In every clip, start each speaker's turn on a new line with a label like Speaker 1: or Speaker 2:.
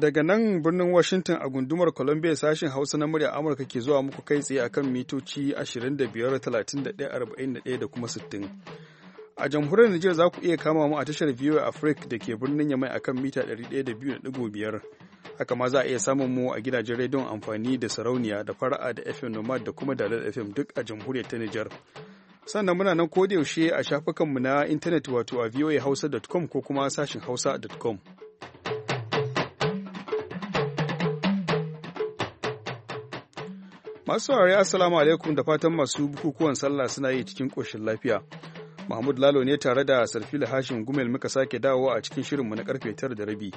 Speaker 1: Daga nan birnin Washington a gundumar Columbia sashen Hausa na murya Amurka ke zuwa muku kai tsaye akan mitoci 25, da kuma 60. a jamhuriyar Nijar za ku iya kama mu a tashar VOA Africa da ke birnin Yamai akan mita 102.5. Haka ma za a iya samun mu a gidajen rediyon amfani da sarauniya da fara'a da FM Nomad da kuma Dalar FM duk a jamhuriyar ta Nijar. Sannan muna nan kodayaushe a shafukanmu na intanet wato a voahausa.com ko kuma sashin hausa.com. Masu saurari Assalamu alaikum da fatan masu bukukuwan sallah suna yi cikin ƙoshin lafiya. Mahmud Lalo ne tare da Sarfila Hashim Gumel muka sake dawo a cikin shirin mu na karfe tara da rabi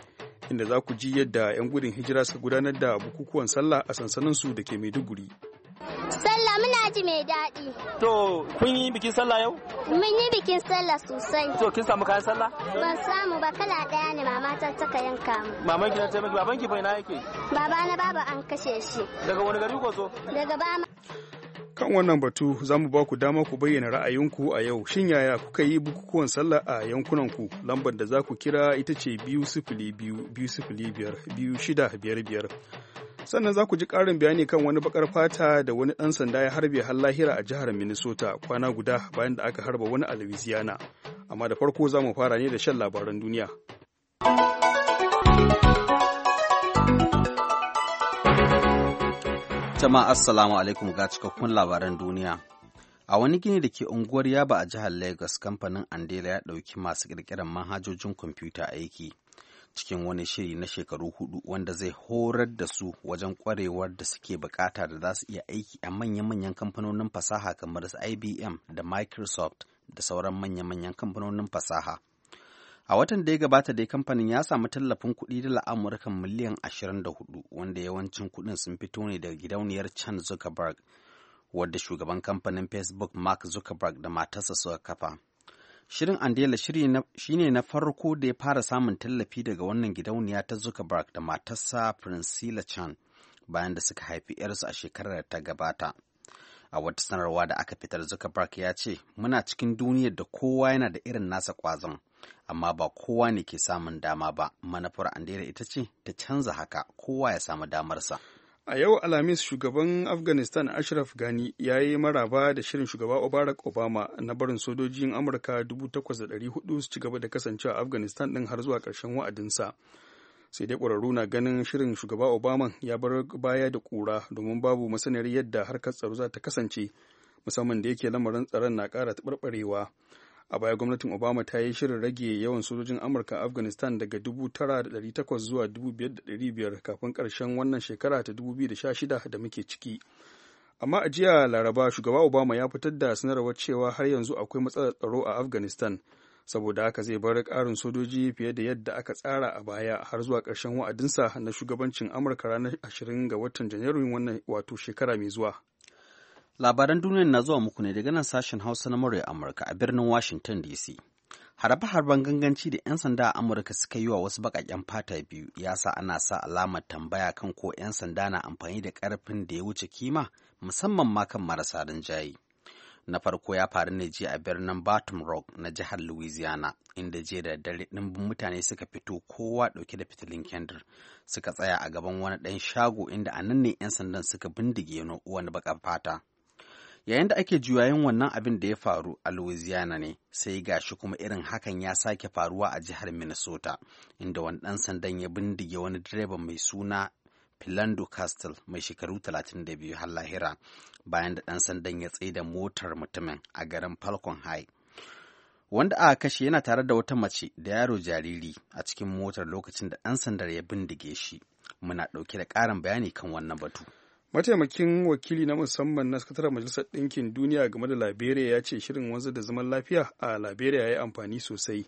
Speaker 1: inda za ku ji yadda 'yan gudun hijira suka gudanar da bukukuwan sallah a sansaninsu da ke Maiduguri.
Speaker 2: Sallah muna ji mai daɗi.
Speaker 1: To kun yi bikin
Speaker 3: sallah yau?
Speaker 2: Mun yi bikin sallah sosai. To
Speaker 3: kin samu kayan sallah?
Speaker 2: Ban samu ba kala ɗaya ne mama ta taka yanka mu.
Speaker 3: Maman ki na taimaki baban ki bai na yake?
Speaker 2: Baba na baba an kashe shi.
Speaker 3: Daga wani gari ko so?
Speaker 2: Daga bama.
Speaker 1: Kan wannan batu za mu ba ku dama ku bayyana ra'ayinku a yau shin yaya kuka yi bukukuwan sallah a yankunanku lambar da za ku kira ita ce biyu sifili biyu biyu sifili biyar biyu shida biyar biyar. sannan za ku ji ƙarin bayani kan wani bakar fata da wani ɗan sanda ya harbe har lahira a jihar minnesota kwana guda bayan da aka harba wani a louisiana amma da farko za mu fara ne da shan labaran duniya
Speaker 4: jama'a assalamu alaikum ga cikakkun labaran duniya a wani gini da ke unguwar yaba a jihar lagos kamfanin andela ya ɗauki masu ƙirƙirar manhajojin kwamfuta aiki cikin wani shiri na shekaru hudu wanda zai horar da su wajen kwarewar da suke bukata da za su iya aiki a manya-manyan kamfanonin fasaha kamar su IBM da Microsoft da sauran manya-manyan kamfanonin fasaha. A watan da ya gabata dai kamfanin ya samu tallafin kuɗi dala Amurka miliyan 24 wanda yawancin kuɗin sun fito ne daga gidauniyar Chan Zuckerberg wadda shugaban kamfanin Facebook Mark Zuckerberg da matarsa suka kafa. Shirin Andela shi ne na farko da ya fara samun tallafi daga wannan gidauniya ta Zuckerberg da matarsa Priscilla Chan bayan da suka haifi 'yarsu a shekarar da ta gabata. A wata sanarwa da aka fitar Zuckerberg ya ce, Muna cikin duniyar da kowa yana da irin nasa kwazon, amma ba kowa ne ke samun
Speaker 1: dama ba. Manufar Andela ita ce ta canza haka, kowa ya samu damarsa. a yau alhamis shugaban afghanistan ashraf gani ya yi maraba da shirin shugaba barack obama na barin sojojin amurka 8,400 su ci gaba da kasancewa afghanistan din har zuwa karshen wa'adinsa sai dai ƙwararru na ganin shirin shugaba obama ya bar baya da ƙura domin babu masaniyar yadda harkar tsaro za ta kasance musamman da yake lamarin tsaron na ƙara taɓarɓarewa a baya gwamnatin obama ta yi shirin rage yawan sojojin amurka a afghanistan daga 9,800 zuwa 5,500 kafin karshen wannan shekara ta 2016 da muke ciki amma a jiya laraba shugaba obama ya fitar da sanarwar cewa har yanzu akwai matsalar tsaro a afghanistan saboda haka zai bar karin sojoji fiye da yadda aka tsara a baya har zuwa karshen wa'adinsa na shugabancin amurka ranar 20 ga watan janairun wannan wato shekara mai zuwa Labaran duniyar na zuwa muku ne daga nan sashen Hausa na
Speaker 4: murya Amurka a birnin Washington DC. Harbe-harben ganganci da 'yan sanda a Amurka suka yi wa wasu baƙaƙen fata biyu ya sa ana sa alamar tambaya kan ko 'yan sanda na amfani da karfin da ya wuce kima musamman ma kan marasa rinjaye. na farko ya faru ne jiya a birnin Baton Rock na jihar Louisiana, inda jiya da dare ɗimbin mutane suka fito kowa ɗauke da fitilin kendir suka tsaya a gaban wani ɗan shago inda a nan ne 'yan sandan suka bindige wani bakan fata. yayin da ake juyayin wannan abin da ya faru a louisiana ne sai gashi kuma irin hakan ya sake faruwa a jihar minnesota inda wani ɗan sandan ya bindige wani direban mai suna Philando Castle mai shekaru 32 har lahira bayan da ɗan sandan ya tsaida motar mutumin a garin Falcon High. Wanda aka kashe yana tare da wata mace da yaro jariri a cikin
Speaker 1: motar lokacin da ɗan sandar ya bindige
Speaker 4: shi. Muna ɗauke da ƙarin bayani kan
Speaker 1: wannan batu. mataimakin wakili na musamman na sakataren majalisar ɗinkin duniya game da liberia ya ce shirin wanzu da zaman lafiya a liberia ya yi amfani sosai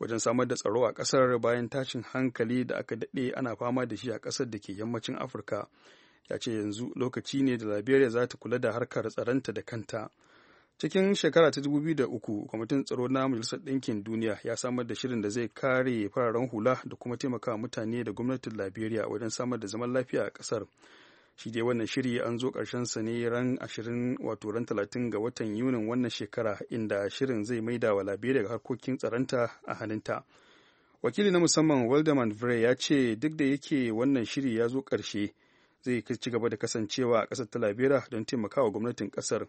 Speaker 1: wajen samar da tsaro a ƙasar bayan tashin hankali da aka daɗe ana fama da shi a ƙasar da ke yammacin afirka ya ce yanzu lokaci ne da liberia za ta kula da harkar tsaronta da kanta cikin shekara ta 2003 kwamitin tsaro na majalisar ɗinkin duniya ya samar da shirin da zai kare fararen hula da kuma taimakawa mutane da gwamnatin liberia wajen samar da zaman lafiya a ƙasar shi dai wannan shiri an zo ƙarshen sa ne ran 20 wato ran 30 ga watan yunin wannan shekara inda shirin zai maida wa liberia daga harkokin tsaranta a hannunta wakili na musamman waldeman vre ya ce duk da yake wannan shiri ya zo ƙarshe zai ci gaba da kasancewa a ƙasar ta liberia don taimakawa gwamnatin ƙasar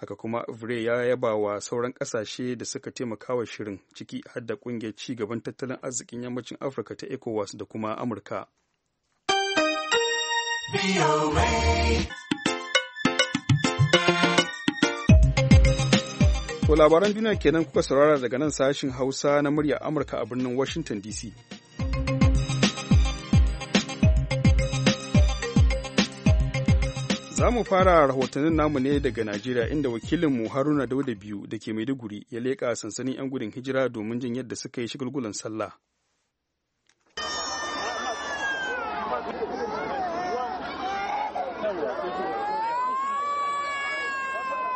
Speaker 1: haka kuma vre ya yaba wa sauran ƙasashe da suka taimakawa shirin ciki har da ƙungiyar ci gaban tattalin arzikin yammacin afirka ta ecowas da kuma amurka To labaran duniya kenan kuka saurara daga nan sashin Hausa na murya Amurka a birnin Washington DC. Za mu fara rahotannin namu ne daga Najeriya inda wakilinmu Haruna Dauda biyu da ke Maiduguri ya leƙa sansanin 'yan gudun hijira domin jin yadda suka yi shigulgulan sallah.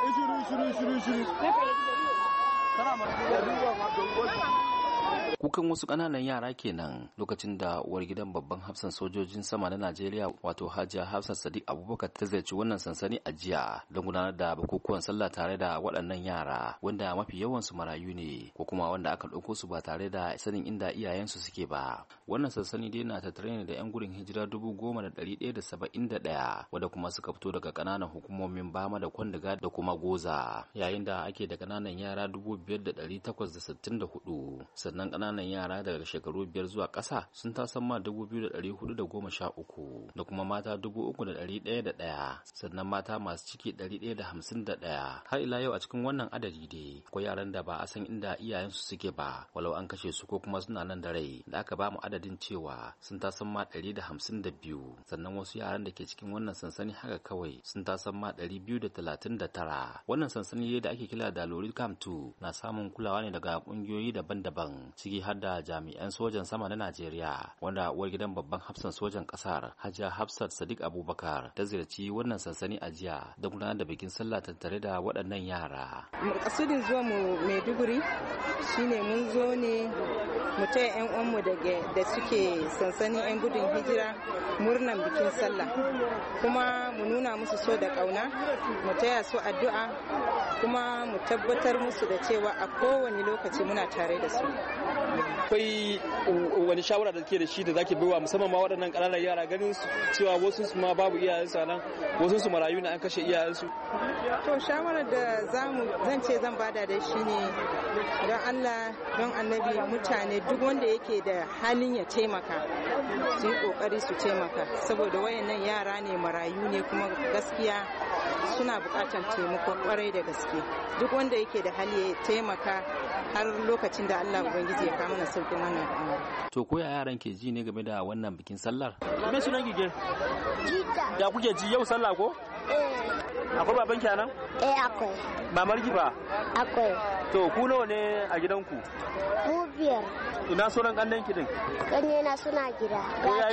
Speaker 3: Üşürü üşürü üşürü üşürü. Tamam.
Speaker 5: kukan wasu ƙananan yara kenan lokacin da uwar gidan babban hafsan sojojin sama na najeriya wato hajiya Hafsat, sadiq abubakar ta ziyarci wannan sansani a jiya don gudanar da bukukuwan sallah tare da waɗannan yara wanda mafi yawansu marayu ne ko kuma wanda aka ɗauko su ba tare da sanin inda iyayensu suke ba wannan sansani dai na tattare ne da 'yan gudun hijira dubu goma da ɗari ɗaya da saba'in da ɗaya wanda kuma suka fito daga ƙananan hukumomin bama da kwandiga da kuma goza yayin da ake da ƙananan yara dubu biyar da ɗari takwas da sittin da hudu sannan ƙananan yara daga shekaru biyar zuwa ƙasa sun tasan ma dubu biyu da ɗari hudu da goma sha uku da kuma mata dubu uku da ɗari ɗaya da ɗaya sannan mata masu ciki ɗari ɗaya da hamsin da ɗaya har ila yau a cikin wannan adadi dai akwai yaran da ba a san inda iyayensu suke ba walau an kashe su ko kuma suna nan da rai da aka ba mu adadin cewa sun tasan ma ɗari da hamsin da biyu sannan wasu yaran da ke cikin wannan sansani haka kawai sun tasan ma ɗari biyu da talatin da tara wannan sansani da ake kira da lori kam 2 na samun kulawa ne daga ƙungiyoyi daban-daban ciki ciki har da jami'an sojan sama na Najeriya wanda uwar gidan babban hafsan sojan kasar Hajiya Hafsat Sadiq Abubakar ta ziyarci wannan sansani a jiya da gudanar da bikin sallah tattare da waɗannan yara.
Speaker 3: Makasudin zuwa mu Maiduguri shine mun zo ne mu taya 'yan uwanmu
Speaker 5: da suke sansanin 'yan gudun hijira murnan bikin sallah kuma mu nuna musu so da ƙauna mu taya su addu'a kuma mu tabbatar
Speaker 3: musu da cewa a kowane lokaci muna tare da su akwai wani shawara da ke da shi da zaki baiwa musamman ma waɗannan ƙananan yara ganin cewa wasu su ma babu iyayen a nan wasu su marayu na an kashe iyayen su.
Speaker 5: to shawara da zamu zan ce zan bada da shi ne don Allah don annabi mutane duk wanda yake da halin ya taimaka su yi kokari su taimaka saboda wayannan yara ne marayu ne kuma gaskiya suna bukatar taimako kwarai da gaske duk wanda yake da hali ya taimaka har lokacin da Allah ubangiji ubangiji ya kawo mana sauƙin wannan al'amari to ko ya yaran ke ji ne game da wannan bikin sallar me sunan gige jita da kuke ji yau
Speaker 3: sallah ko
Speaker 2: eh. akwai baban anan? eh akwai
Speaker 3: mamar ba? akwai to ku nawa ne a gidanku mu biyar ina sunan kannan ki din
Speaker 2: kanne na suna gida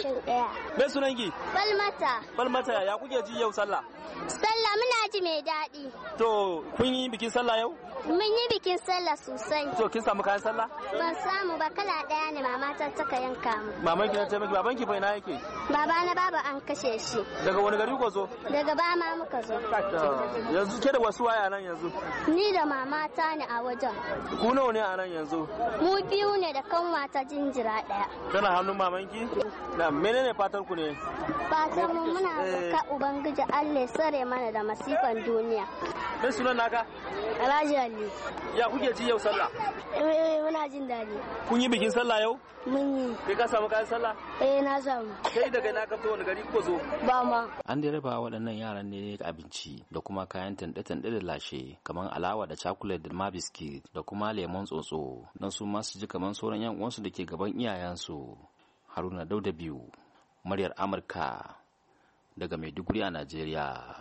Speaker 2: cin daya me sunan ki balmata
Speaker 3: balmata ya kuke ji yau sallah
Speaker 2: sallah Alhaji mai daɗi.
Speaker 3: To kun yi bikin sallah yau?
Speaker 2: Mun yi bikin sallah sosai. To
Speaker 3: kin samu kayan sallah?
Speaker 2: Ban samu ba kala ɗaya ne mama ta taka yanka mu.
Speaker 3: Maman ki ce miki baban ki bai na yake?
Speaker 2: Baba na baba an kashe shi.
Speaker 3: Daga wani gari ko zo?
Speaker 2: Daga ba ma muka zo.
Speaker 3: Yanzu ke da wasu waya nan yanzu?
Speaker 2: Ni da mama ta ne a wajen.
Speaker 3: Ku nawa ne a nan yanzu?
Speaker 2: Mu biyu ne da kanwa ta jinjira ɗaya.
Speaker 3: Tana hannun maman ki? Na menene fatar ku ne?
Speaker 2: Fatar mu muna ka ubangiji Allah ya sare mana da masifa. ikon duniya.
Speaker 3: Mai sunan naka?
Speaker 2: Alhaji Ali.
Speaker 3: Ya kuke ci yau sallah?
Speaker 2: Eh muna jin daɗi.
Speaker 3: Kun yi bikin sallah yau?
Speaker 2: Mun yi. Kai
Speaker 3: ka samu kayan sallah? Eh na samu. Kai daga na kafto wani gari ko zo? Ba ma. An dai raba
Speaker 5: waɗannan yaran ne abinci da kuma kayan tanɗe-tanɗe da lashe kamar alawa da cakulet da ma biskit da kuma lemon tsotso don su ma su ji kamar sauran 'yan uwansu da ke gaban iyayensu. Haruna Dauda biyu, muryar Amurka daga Maiduguri a Najeriya.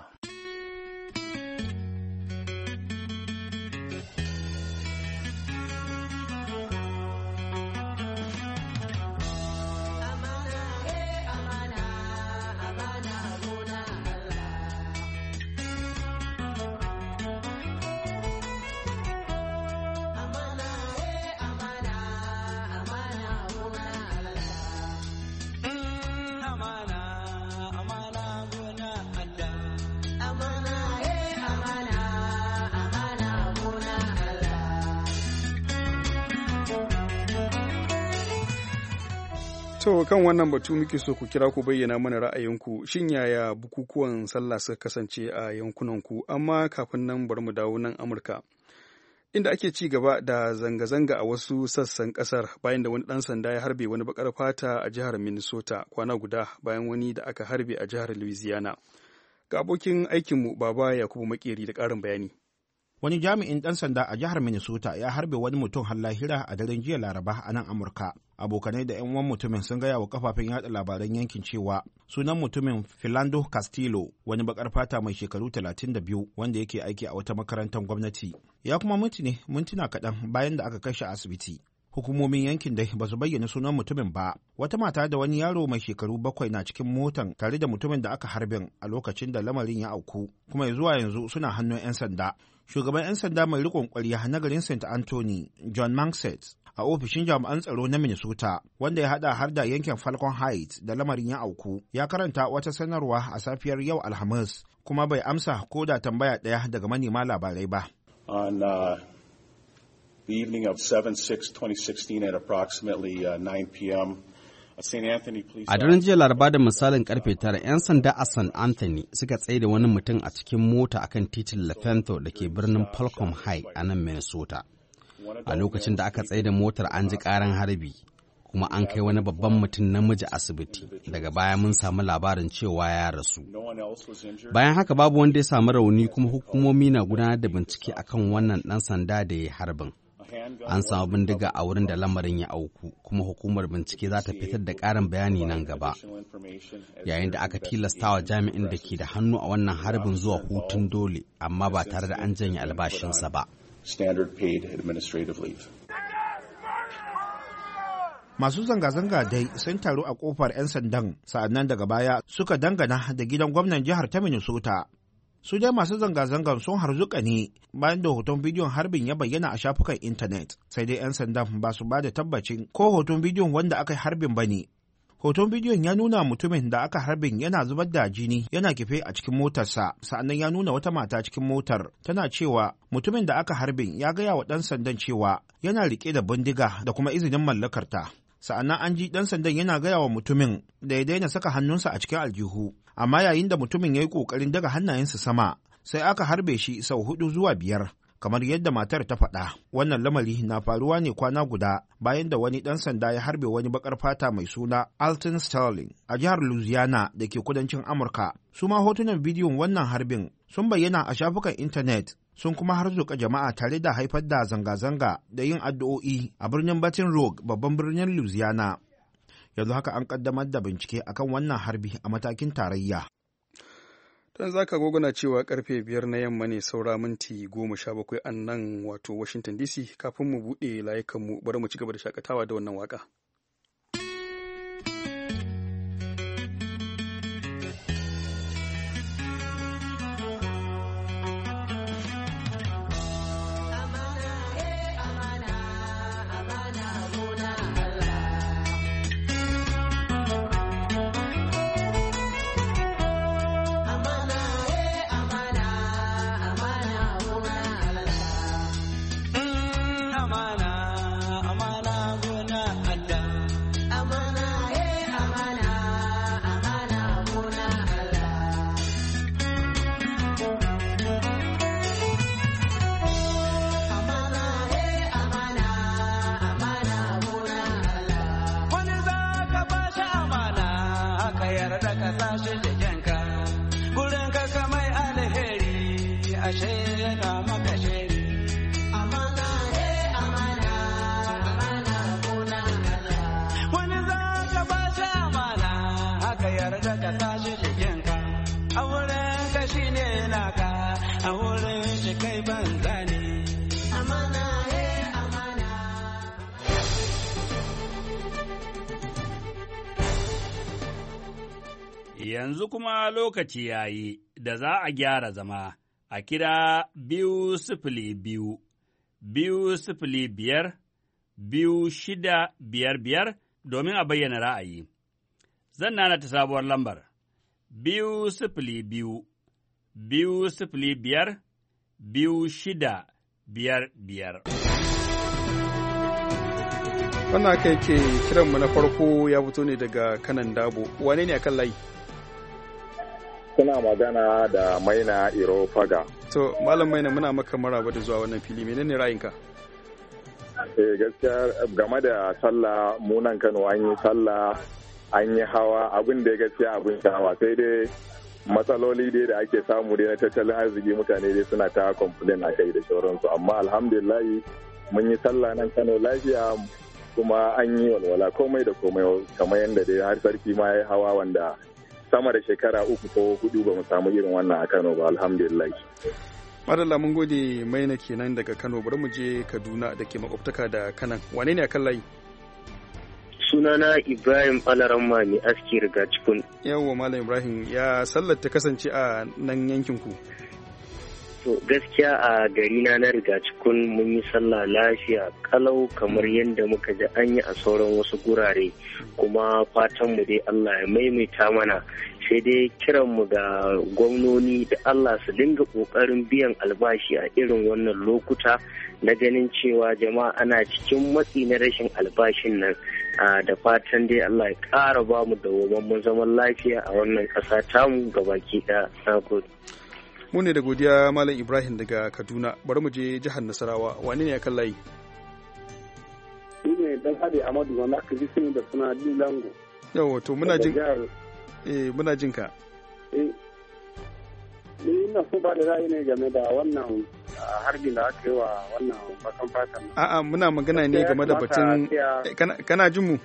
Speaker 1: To kan wannan batu muke so ku kira ku bayyana mana ra'ayinku shin yaya bukukuwan sallah suka kasance a yankunanku amma kafin nan bari mu dawo nan Amurka. Inda ake ci gaba da zanga-zanga a wasu sassan kasar bayan da wani ɗan sanda ya harbe wani bakar fata a jihar Minnesota kwana guda bayan wani da aka harbe a jihar Louisiana. Ga abokin aikinmu Baba Yakubu Makeri da ƙarin bayani.
Speaker 6: Wani jami'in ɗan sanda a jihar Minnesota ya harbe wani mutum har lahira a daren jiya Laraba a nan Amurka. Abokanai da 'yan uwan mutumin sun gaya wa kafafen yada labaran yankin cewa sunan mutumin Filando Castillo wani bakar fata mai shekaru 32 wanda yake aiki a wata makarantar gwamnati. Ya kuma mutu ne mintuna kaɗan bayan da aka kashe asibiti. hukumomin yankin da ba su bayyana sunan mutumin ba wata mata da wani yaro mai shekaru bakwai na cikin motan tare da mutumin da aka harbin a lokacin da lamarin ya auku kuma zuwa yanzu suna hannun 'yan sanda shugaban 'yan sanda mai riƙon kwarya na garin St. Anthony, John Manset, a ofishin jami'an tsaro na Minnesota, wanda ya hada har da yankin Falcon Heights da lamarin ya auku, ya karanta wata sanarwa a safiyar yau Alhamis, kuma bai amsa ko da tambaya ɗaya daga manema labarai ba.
Speaker 7: On uh, the evening of 7-6-2016 at approximately uh, 9 p.m., Uh, a daren jiya
Speaker 4: laraba da misalin karfe tara 'yan sanda a San Anthony suka tsaye da wani mutum a cikin mota akan titin Lafento da ke birnin Falcom High a nan Minnesota. A lokacin da aka tsaye da motar an ji karan harbi kuma an kai wani babban mutum namiji asibiti daga baya mun samu labarin cewa ya rasu. Bayan haka babu wanda ya samu rauni kuma hukumomi na gudanar da bincike akan wannan ɗan sanda da ya harbin. An samu bindiga a wurin da lamarin ya auku, kuma hukumar bincike za ta fitar da ƙarin bayani nan gaba. Yayin da aka tilastawa jami'in da ke da hannu a wannan harbin zuwa hutun dole, amma ba tare da an janye albashinsa ba.
Speaker 6: Masu zanga-zanga dai sun taru a kofar 'yan sandan sa'annan daga baya suka dangana da gidan gwamnan jihar ta Minnesota su dai masu zanga zanga sun harzuka ne bayan da hoton bidiyon harbin ya bayyana a shafukan intanet sai dai 'yan sandan ba su ba da tabbacin ko hoton bidiyon wanda aka harbin ba ne hoton bidiyon ya nuna mutumin da aka harbin yana zubar da jini yana kife a cikin motarsa sa'annan ya nuna wata mata cikin motar tana cewa mutumin da aka harbin ya gaya wa ɗan sandan cewa yana riƙe da bindiga da kuma izinin mallakarta sa'annan an ji ɗan sandan yana gaya wa mutumin da ya daina saka hannunsa a cikin aljihu amma yayin da mutumin ya yi ƙoƙarin daga hannayensa sama sai aka harbe shi sau hudu zuwa biyar kamar yadda matar ta faɗa wannan lamari na faruwa ne kwana guda bayan da wani ɗan sanda ya harbe wani baƙar fata mai suna alton sterling a jihar louisiana da ke kudancin amurka su ma hotunan bidiyon wannan harbin sun bayyana a shafukan intanet sun kuma harzuka jama'a tare da haifar da zanga-zanga da yin addu'o'i a birnin baton rouge babban birnin louisiana yanzu haka an kaddamar da bincike akan wannan harbi a matakin tarayya
Speaker 1: don zaka gogona cewa karfe biyar na yamma ne saura minti goma sha bakwai a nan wato washington dc kafin mu buɗe layukanmu bari mu ci gaba da shakatawa da wannan waka.
Speaker 8: kuma lokaci ya yi da za a gyara zama a kira biyu sifili biyu, biyu sifili biyar, biyu shida biyar biyar domin a bayyana ra'ayi. Zan nana ta sabuwar lambar, biyu sifili biyu, biyu sifili biyar, biyu shida biyar biyar.
Speaker 1: Wannan kai ke kiranmu na farko ya fito ne daga kanan dabo, wane ne a kan layi?
Speaker 8: suna magana da maina irofaga
Speaker 1: to malam maina muna maka maraba da zuwa wannan fili menene ra'ayinka
Speaker 8: eh gaskiya game da sallah munan kano an yi sallah an yi hawa abin da gaskiya abin shawa sai dai matsaloli dai da ake samu dai na tattalin arziki mutane dai suna ta complain a kai da sauransu amma alhamdulillahi mun yi sallah nan kano lafiya kuma an yi walwala komai da komai kamar yadda dai har sarki ma ya yi hawa wanda sama da shekara uku ko hudu ba mu samu irin wannan a Kano ba alhamdulillah.
Speaker 1: Madalla mun gode maina kenan daga Kano bari mu je Kaduna da ke makwabtaka da Kanan. Wane ne akan layi?
Speaker 8: Sunana Ibrahim Alaramma ne aski riga cikin.
Speaker 1: Yawwa Malam Ibrahim ya sallar ta kasance a nan yankin ku.
Speaker 8: To gaskiya a gari na na riga cikin mun yi sallah lafiya kalau kamar yadda muka ji an yi a sauran wasu gurare kuma fatan mu dai Allah ya maimaita mana sai dai kiran mu ga gwamnoni da Allah su dinga kokarin biyan albashi a irin wannan lokuta na ganin cewa jama'a ana cikin matsi na rashin albashin nan da fatan dai Allah ya ƙara ba mu da zaman lafiya a wannan ƙasa tamu gabaki ɗaya. Na
Speaker 1: mu ne da godiya malam ibrahim daga kaduna bari mu je jihar nasarawa wane ne ya kan layi
Speaker 8: ni ne dan hade amadu wanda aka ji da suna dilango
Speaker 1: yawa to muna jin eh muna jin ka
Speaker 8: eh, ina so ba da ra'ayi ne game da wannan harbin da aka yi wa wannan bakan fatan. A'a
Speaker 1: muna magana ne game da batun eh, kana jin mu?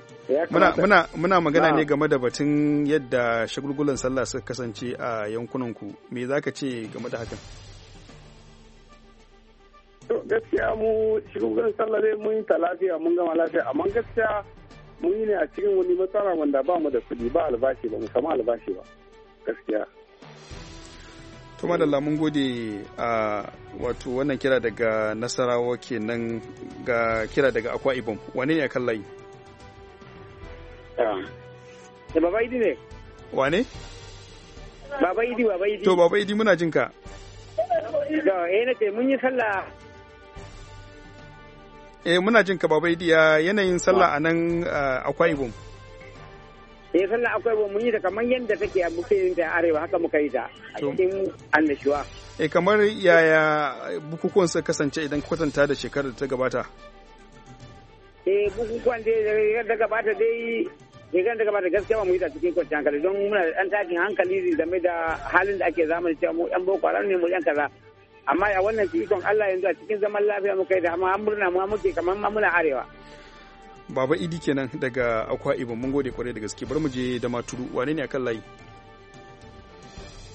Speaker 6: Muna muna magana ne
Speaker 1: game da batun yadda shagulgulan sallah suka kasance a yankunan ku. Me zaka ce game da hakan?
Speaker 8: To gaskiya mu shagulgulan sallah ne mun ta lafiya mun gama lafiya amma gaskiya mun yi ne a cikin wani matsala wanda ba mu da kuɗi ba albashi ba mu samu albashi ba gaskiya.
Speaker 1: kuma da lamun gode a wato wannan kira daga nasarawa kenan ga kira daga akwa ibom wane ne a kan layi da
Speaker 8: ah. eh, baba idi ne wane baba idi baba idi to baba
Speaker 1: idi muna jinka
Speaker 8: da eh na ce mun yi sallah
Speaker 1: eh muna jinka baba idi ya yanayin sallah a nan akwa ibom
Speaker 8: eh sallah akwai ba mun yi ta kamar yadda take a bukukuwan ta arewa haka muka yi ta a cikin
Speaker 1: annashuwa eh kamar yaya bukukuwan suka kasance idan kwatanta da shekarar da ta gabata
Speaker 8: eh bukukuwan da da gabata dai shekarar da gabata gaskiya ba mu yi ta cikin kwanciyar hankali don muna da ɗan tashin hankali game da halin da ake zamani cewa mu ɗan boko haram ne mu ɗan kaza amma a wannan cikin Allah yanzu a cikin zaman lafiya muka yi da amma an murna mu muke kamar muna arewa
Speaker 1: Baba Idi kenan daga Akwa Ibom mun gode kwarai da gaske bar mu je da Maturu wane ne akan layi?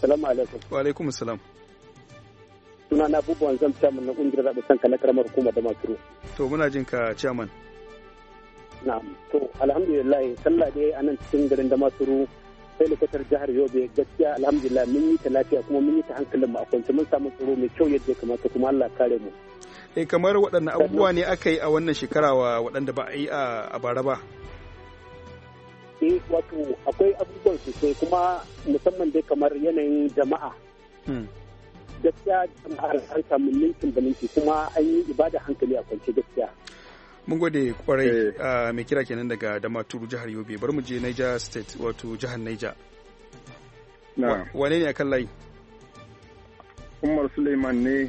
Speaker 1: Salamu alaikum. Wa alaikum salam.
Speaker 8: Suna na abubuwan zan chairman na kungiyar zaɓe sanka na karamar hukuma da Maturu.
Speaker 1: To muna jin ka chairman.
Speaker 8: Na'am. To alhamdulillah sallah dai a nan cikin garin da Maturu sai lokacin jihar Yobe gaskiya alhamdulillah mun yi ta lafiya kuma mun yi ta hankalin mu a kwance mun samu tsaro mai kyau yadda ya kamata kuma Allah kare mu.
Speaker 1: eh kamar waɗannan abubuwa ne aka yi a wannan shekara wa waɗanda ba a yi a bara ba
Speaker 8: eh wato akwai abubuwan sosai kuma musamman dai kamar yanayin jama'a hmm. gaskiya jama'ar an samu ninkin da ninkin kuma an yi ibada hankali a kwance gaskiya
Speaker 1: mun gode kwarai eh. ah, mai kira kenan daga damaturu jihar yobe bari mu je niger state wato jihar niger wane ne a kan layi
Speaker 8: umar suleiman ne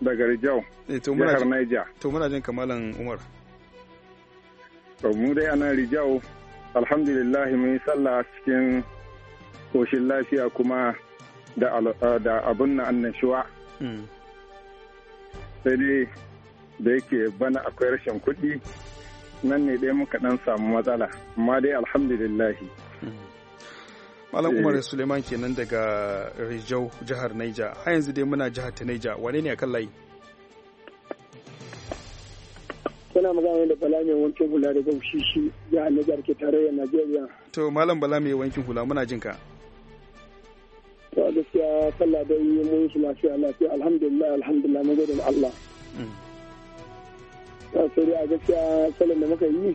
Speaker 8: daga Rijau.
Speaker 1: Eh, Jihar Niger. To muna jin kamalan Umar.
Speaker 8: To mu dai ana Rijau alhamdulillah mun yi sallah cikin koshin lafiya kuma da eh, abun na annashuwa. Hmm. Sai dai da yake bana akwai rashin kuɗi nan ne dai muka ɗan samu matsala amma dai alhamdulillahi.
Speaker 1: Malam Umar eh. Suleiman kenan daga Rijau jihar Naija. Har yanzu dai muna jihar ta Naija. Wane ne akan layi?
Speaker 8: Kana magana da Bala mai wankin hula daga shi jihar Naija da ke tarayyar Najeriya.
Speaker 1: To Malam Bala mai wankin hula muna jin ka.
Speaker 8: To gaskiya sallah dai mun yi lafiya lafiya alhamdulillah alhamdulillah mun gode Allah. Mm. Ta sai a gaskiya sallan da muka yi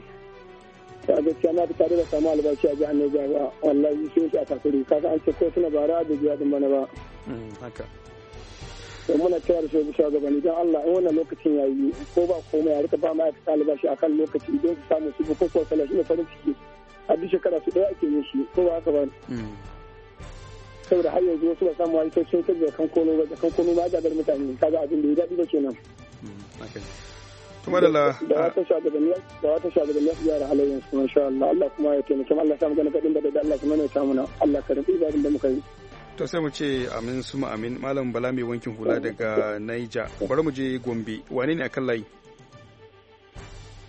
Speaker 8: ta gaskiya na fita da samu albashi a jihar Niger ba wallahi sai shi a takuri kaga an ce ko suna bara da biya din bana ba mm, haka to muna tayar shi bisa ga bani dan Allah in wannan lokacin yayi ko ba komai ya rika ba ma ta albashi akan lokaci don su samu su ko ko talashi ne farin ciki a duk shekara su daya ake yin shi ko ba haka ba mm. saboda har yanzu wasu ba samu wani sai sun kaje kan kono ba kan kono ma ga mutane kaga abin da ya dadi ke nan.
Speaker 1: kuma da la da wata
Speaker 8: shagabanni da wata shagabanni su gyara halayen su insha Allah Allah kuma ya taimake mu Allah ya samu magana kadin da da Allah kuma ne samu na Allah ka rubi ibadin da muka yi
Speaker 1: to sai mu ce amin suma amin malam bala mai wankin hula daga Niger bari mu je Gombe wane ne akan layi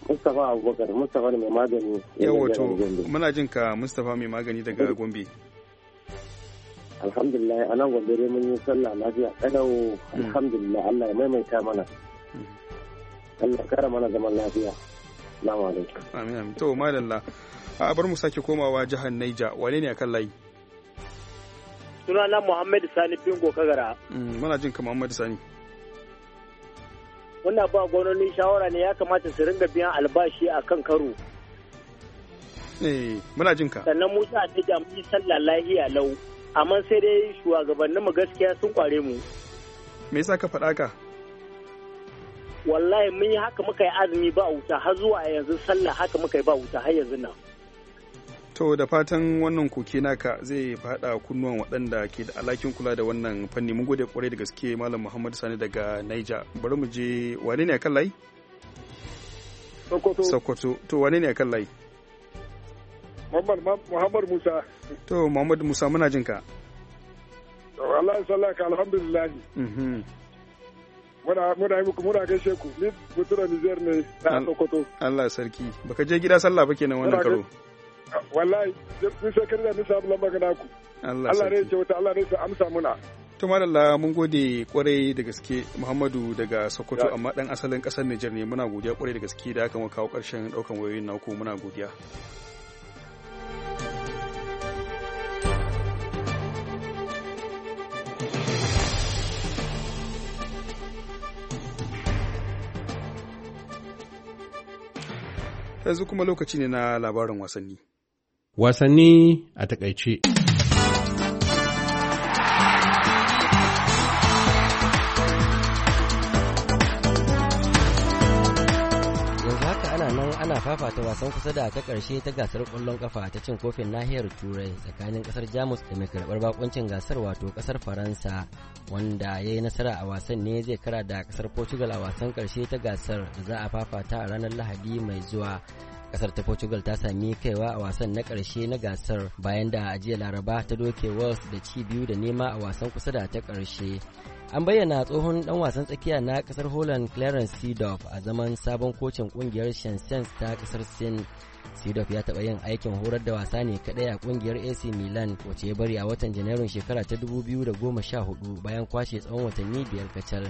Speaker 8: Mustapha Abubakar Mustapha mai magani yawa to muna
Speaker 1: jin ka Mustapha mai magani daga Gombe
Speaker 8: alhamdulillah anan Gombe mun yi sallah lafiya kalau hmm. alhamdulillah Allah ya maimaita mana hmm. Allah kara mana zaman lafiya
Speaker 1: alaikum amin amin to a bar mu sake komawa jihar Naija wane ne akan layi
Speaker 8: sunana Muhammadu Sani Bingo Kagara
Speaker 1: mm, muna jin ka Muhammadu Sani
Speaker 8: wannan ba gwamnoni shawara ne ya kamata su ringa biyan albashi a kan karo
Speaker 1: eh, muna jin ka sannan
Speaker 8: musa a ta jami'i sallah lahiya lau amma sai dai mu gaskiya
Speaker 1: sun kware mu me yasa ka faɗa ka
Speaker 8: wallahi mun yi haka muka yi azumi ba wuta har zuwa yanzu sallah haka muka yi ba wuta har yanzu nan
Speaker 1: to da fatan wannan koke naka zai fada kunnuwan waɗanda ke da alakin kula da wannan fanni mun gode kwarai da gaske malam muhammad sani daga niger bari mu je wane ne akan layi sokoto to wane ne akan layi
Speaker 8: muhammad musa
Speaker 1: to muhammad musa muna jinka
Speaker 8: Allah ya sallaka alhamdulillah mhm. muna muna yi muku muna gaishe ku ni mutura
Speaker 1: Niger ne na Sokoto Allah sarki baka je gida sallah ba kenan wannan karo
Speaker 8: ah, wallahi kun sai kirda ni sabu lamba gana ku Allah Allah ne ce wata Allah ne sa amsa muna
Speaker 1: to madalla mun gode kwarai da gaske Muhammadu daga Sokoto amma dan asalin kasar Niger ne muna godiya kwarai da gaske da aka kawo karshen daukan wayoyin naku muna godiya yanzu kuma lokaci ne na labarin wasanni.
Speaker 4: Wasanni a takaice.
Speaker 7: ana fafata wasan kusa da ta karshe ta gasar kwallon kafa ta cin kofin nahiyar turai tsakanin kasar jamus da mai karbar bakuncin gasar wato kasar faransa wanda ya yi nasara a wasan ne zai kara da kasar portugal a wasan karshe ta gasar da za a fafata a ranar lahadi mai zuwa kasar ta portugal ta sami kaiwa a wasan na karshe na gasar bayan da a jiya laraba ta doke wales da ci biyu da nema a wasan kusa da ta karshe an bayyana tsohon dan wasan tsakiya na kasar holland clarence seedorf a zaman sabon kocin kungiyar shansens ta kasar sin seedorf ya taba yin aikin horar da wasa ne kadai a kungiyar ac milan wacce ya bari a watan janairun shekara ta 2014 bayan kwashe tsawon watanni biyar kacal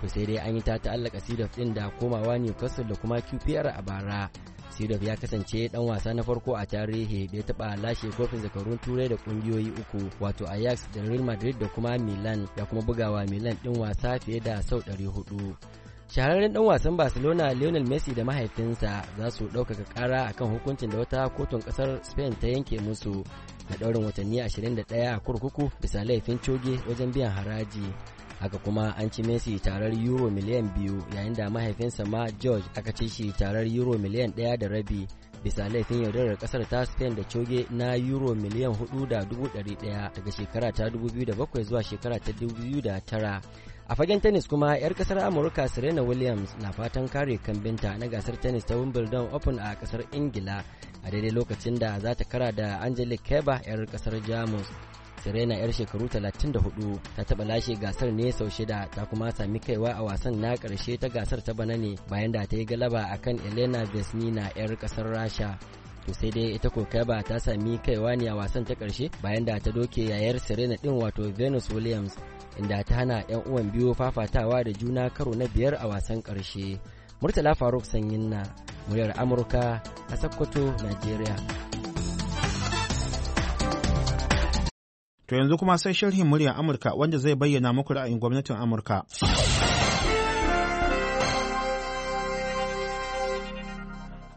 Speaker 7: to sai dai an yi ta ta'allaka seedorf din da komawa newcastle da kuma qpr a bara Sirov ya kasance dan wasa na farko a tarihi da ya taba lashe kofin zakarun turai da kungiyoyi uku wato Ajax da Real Madrid da kuma Milan ya kuma bugawa Milan din wasa fiye da sau 400. shahararren dan wasan barcelona lionel messi da mahaifinsa za su ɗaukaka ƙara akan hukuncin da wata kotun ƙasar spain ta yanke musu na ɗaurin watanni 21 a kurkuku bisa laifin coge wajen biyan haraji haka kuma an ci messi tarar euro miliyan biyu yayin da mahaifinsa ma george aka ci shi tarar euro miliyan daya da rabi bisa laifin yaudarar kasar ta spain da coge na euro miliyan 4.100 daga shekara ta 2007 zuwa shekara ta tara. a fagen tennis kuma 'yar kasar amurka serena williams na fatan kare kambinta na gasar tennis ta wimbledon open a kasar ingila a daidai lokacin da za ta kara da angelique kerber 'yar kasar jamus serena 'yar shekaru 34 ta taba lashe gasar ne sau shida ta kuma sami kaiwa a wasan na karshe ta gasar ta bana ne bayan da ta yi galaba akan elena vesnina 'yar kasar rasha to sai dai ita kokaba ta sami kaiwa ne a wasan ta karshe bayan da ta doke yayar serena din wato venus williams inda ta hana 'yan uwan biyu fafatawa da juna karo na biyar a wasan ƙarshe. Murtala Faruk Sanyin na muryar Amurka a Sokoto, Najeriya.
Speaker 6: To yanzu kuma sai sharhin muryar Amurka wanda zai bayyana muku ra'ayin gwamnatin Amurka.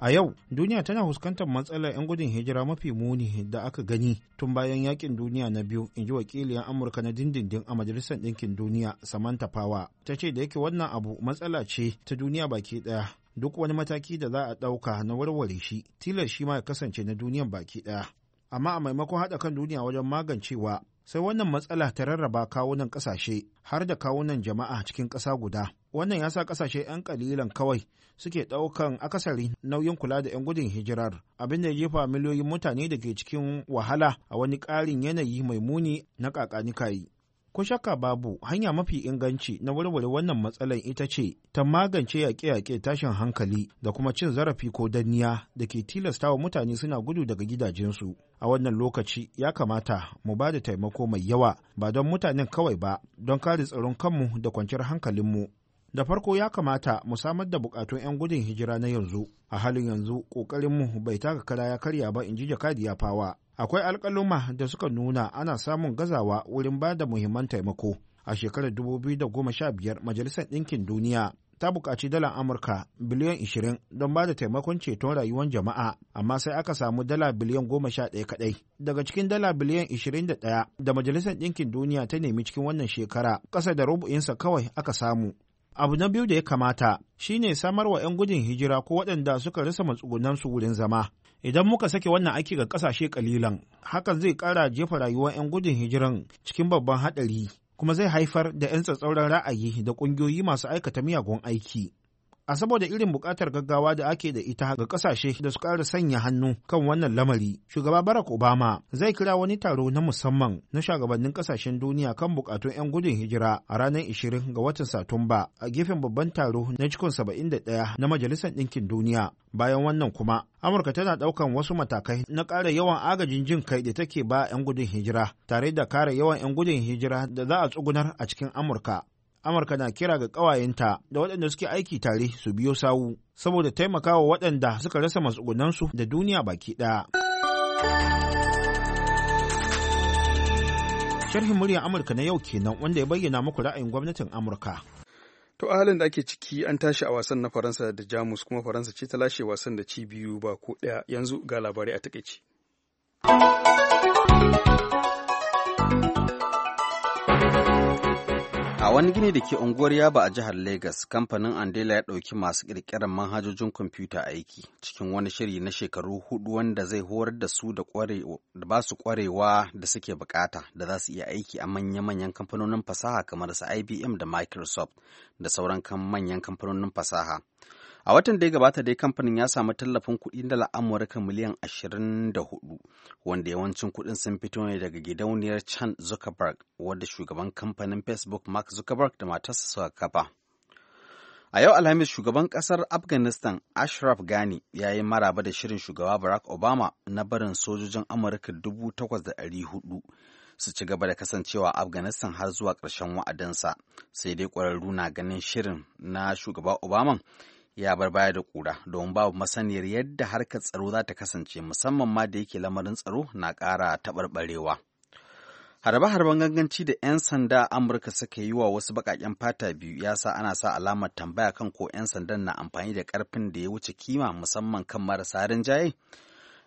Speaker 6: A yau, duniya tana fuskantar matsalar 'yan gudun hijira mafi muni da aka gani tun bayan yakin duniya na biyu, in ji wakiliyar Amurka na dindindin a Majalisar Ɗinkin Duniya, Samantha Power. Ta ce da yake wannan abu matsala ce ta duniya baki ɗaya. Duk wani mataki da za a ɗauka na warware shi, tilar shi ma ya kasance na duniyan baki ɗaya. Amma a maimakon haɗa kan duniya wajen magancewa, sai wannan matsala ta rarraba kawunan ƙasashe har da kawunan jama'a cikin ƙasa guda. Wannan ya sa ƙasashe 'yan ƙalilan kawai suke ɗaukan akasari nauyin kula da 'yan gudun hijirar abin da jefa miliyoyin mutane da ke cikin wahala a wani ƙarin yanayi mai muni na kakanikayi. Ko shakka babu hanya mafi inganci na warware wannan matsalar ita ce ta magance yaƙe-yaƙe tashin hankali da kuma cin zarafi ko danniya da ke tilastawa mutane suna gudu daga gidajensu. A wannan lokaci ya kamata mu ba da taimako mai yawa ba don mutanen kawai ba don kare tsaron kanmu da kwanciyar hankalinmu. da farko ya kamata mu samar da bukatun 'yan gudun hijira na yanzu a halin yanzu mu bai taka kara ya karya ba in ji jakadiya fawa akwai alkaluma da suka nuna ana samun gazawa wurin ba da muhimman taimako a shekarar 2015 majalisar ɗinkin duniya ta buƙaci dala amurka biliyan 20 don ba da taimakon ceton rayuwan jama'a amma sai aka samu dala biliyan 11 kadai daga cikin dala biliyan 21 da majalisar ɗinkin duniya ta nemi cikin wannan shekara ƙasa da rubu'insa kawai aka samu Abu na biyu da ya kamata shine samar wa 'yan gudun hijira ko waɗanda suka rasa matsugunansu wurin zama. Idan muka sake wannan aiki ga ƙasashe ƙalilan, hakan zai ƙara jefa rayuwar 'yan gudun hijiran cikin babban haɗari, kuma zai haifar da 'yan tsatsauran ra'ayi da ƙungiyoyi masu aikata miyagun aiki. a saboda irin bukatar gaggawa da ake da ita ga ƙasashe da su ƙara sanya hannu kan wannan lamari shugaba barack obama zai kira wani taro na musamman na shugabannin ƙasashen duniya kan bukatun 'yan gudun hijira a ranar ishirin ga watan satumba a gefen babban taro na cikin ɗaya na majalisar ɗinkin duniya bayan wannan kuma amurka tana ɗaukan wasu matakai na ƙara yawan agajin jin kai da take ba 'yan gudun hijira tare da kare yawan 'yan gudun hijira da za a tsugunar a cikin amurka Amurka na kira ga ƙawayenta da waɗanda suke aiki tare su biyo sawu saboda taimakawa waɗanda suka rasa matsugunansu da duniya baki ɗaya. Sharhin muryar Amurka na yau kenan wanda ya bayyana muku ra'ayin gwamnatin Amurka. To a halin da ake ciki an tashi a wasan na Faransa
Speaker 1: da Jamus kuma Faransa ce ta lashe wasan da ci biyu ba ko ɗaya yanzu ga labarai a takaici.
Speaker 4: wani gini da ke unguwar Yaba a jihar lagos kamfanin Andela ya ɗauki masu ƙirƙirar manhajojin kwamfuta aiki cikin wani shiri na shekaru hudu wanda zai horar da su da ba su ƙwarewa da suke bukata da za su iya aiki a manya-manyan kamfanonin fasaha kamar su IBM da Microsoft da sauran manyan kamfanonin fasaha. A watan da ya gabata dai kamfanin ya samu tallafin kuɗi dala Amurka miliyan 24 wanda yawancin kuɗin sun fito ne daga gidauniyar Chan Zuckerberg wadda shugaban kamfanin Facebook Mark Zuckerberg da matarsa suka kafa. A yau Alhamis shugaban ƙasar Afghanistan Ashraf Ghani ya yi maraba da shirin shugaba Barack Obama na barin sojojin Amurka 8,400 su ci gaba da kasancewa Afghanistan har zuwa ƙarshen wa'adansa sai dai kwararru na ganin shirin na shugaba Obama ya bar baya da kura domin babu masaniyar yadda harkar tsaro za ta kasance musamman ma da yake lamarin tsaro na ƙara taɓarɓarewa. Harbe-harben ganganci da 'yan sanda Amurka suka yi wa wasu baƙaƙen fata biyu ya sa ana sa alamar tambaya kan ko 'yan sandan na amfani da ƙarfin da ya wuce kima musamman kan marasa rinjaye.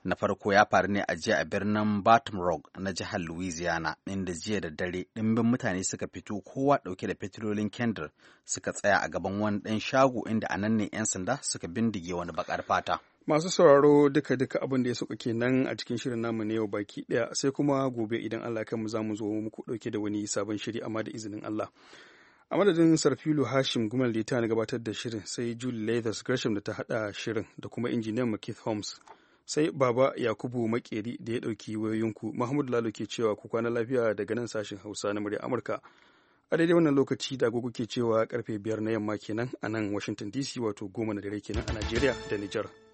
Speaker 4: na farko ya faru ne a jiya a birnin Baton rock na jihar Louisiana, inda jiya da dare ɗimbin mutane suka fito kowa ɗauke da fitilolin kendir suka tsaya a gaban wani ɗan shago inda anan ne 'yan sanda suka bindige wani bakar fata.
Speaker 1: Masu sauraro duka-duka abin da ya suka kenan a cikin shirin namu na yau baki ɗaya sai kuma gobe idan Allah ya mu za mu zo muku ɗauke da wani sabon shiri amma da izinin Allah. a madadin sarfilu hashim gumal da ta gabatar da shirin sai julie leathers gresham da ta hada shirin da kuma injiniyan Keith holmes sai baba yakubu makeri da ya ɗauki wayoyinku mahmud lalo ke cewa ku kwana lafiya daga nan sashen hausa na murya amurka a daidai wannan lokaci da agogo ke cewa karfe biyar na yamma kenan a nan washington dc wato goma na dare kenan a najeriya da nijar